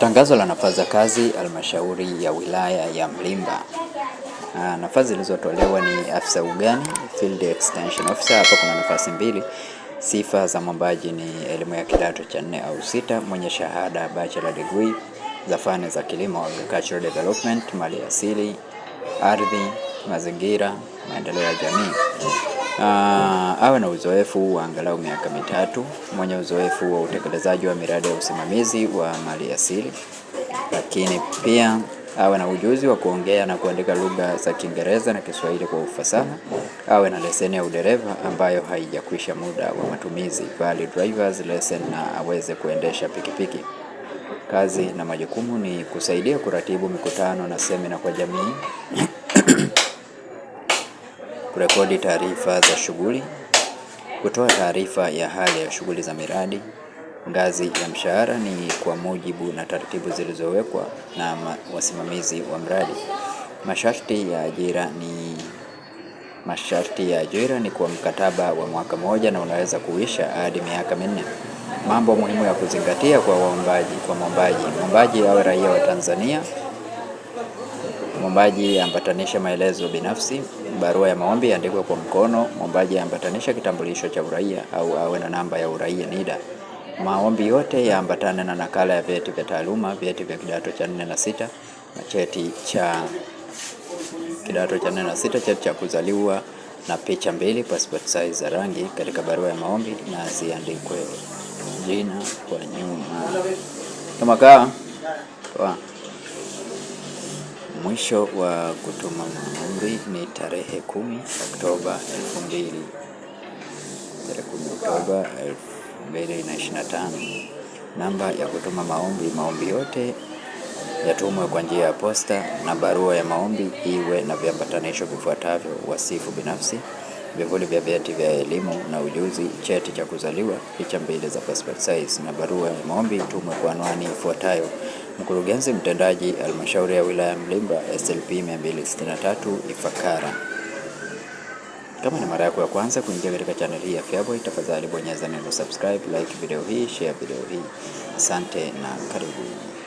Tangazo la nafasi za kazi halmashauri ya wilaya ya Mlimba. Ah, nafasi zilizotolewa ni afisa ugani, field extension officer. Hapa kuna nafasi mbili. Sifa za mwombaji ni elimu ya kidato cha nne au sita, mwenye shahada bachelor degree za fani za kilimo, agricultural development, mali asili, ardhi, mazingira, maendeleo ya jamii. Aa, ah, awe na uzoefu wa angalau miaka mitatu, mwenye uzoefu wa utekelezaji wa miradi ya usimamizi wa mali asili lakini pia awe na ujuzi wa kuongea na kuandika lugha za Kiingereza na Kiswahili kwa ufasaha. Awe na leseni ya udereva ambayo haijakwisha muda wa matumizi, bali drivers lesson, na aweze kuendesha pikipiki. Kazi na majukumu ni kusaidia kuratibu mikutano na semina kwa jamii, kurekodi taarifa za shughuli kutoa taarifa ya hali ya shughuli za miradi. Ngazi ya mshahara ni kwa mujibu na taratibu zilizowekwa na wasimamizi wa mradi. Masharti ya ajira ni masharti ya ajira ni kwa mkataba wa mwaka mmoja na unaweza kuisha hadi miaka minne. Mambo muhimu ya kuzingatia kwa waombaji kwa mwombaji: mwombaji awe raia wa Tanzania. Mwombaji ambatanisha maelezo binafsi. Barua ya maombi iandikwe kwa mkono. Mwombaji aambatanisha kitambulisho cha uraia au awe na namba ya uraia NIDA. Maombi yote yaambatane na nakala ya vyeti vya taaluma, vyeti vya kidato cha nne na sita na cheti cha kidato cha nne na sita, cheti cha kuzaliwa na picha mbili passport size za rangi katika barua ya maombi, na ziandikwe jina kwa nyuma. Kama kaa Mwisho wa kutuma maombi ni tarehe kumi Oktoba elfu mbili tarehe kumi Oktoba elfu mbili na ishirini na tano. Namba ya kutuma maombi, maombi yote yatumwe kwa njia ya posta na barua ya maombi iwe na viambatanisho vifuatavyo: wasifu binafsi vivuli vya vyeti vya elimu na ujuzi, cheti cha kuzaliwa, picha mbili za passport size na barua ya maombi itumwe kwa anwani ifuatayo: Mkurugenzi Mtendaji, Halmashauri ya Wilaya Mlimba, SLP 263 Ifakara. Kama ni mara yako ya kwanza kuingia katika channel hii ya Feaboy, tafadhali bonyeza neno subscribe, like video hii, share video hii. Asante na karibu.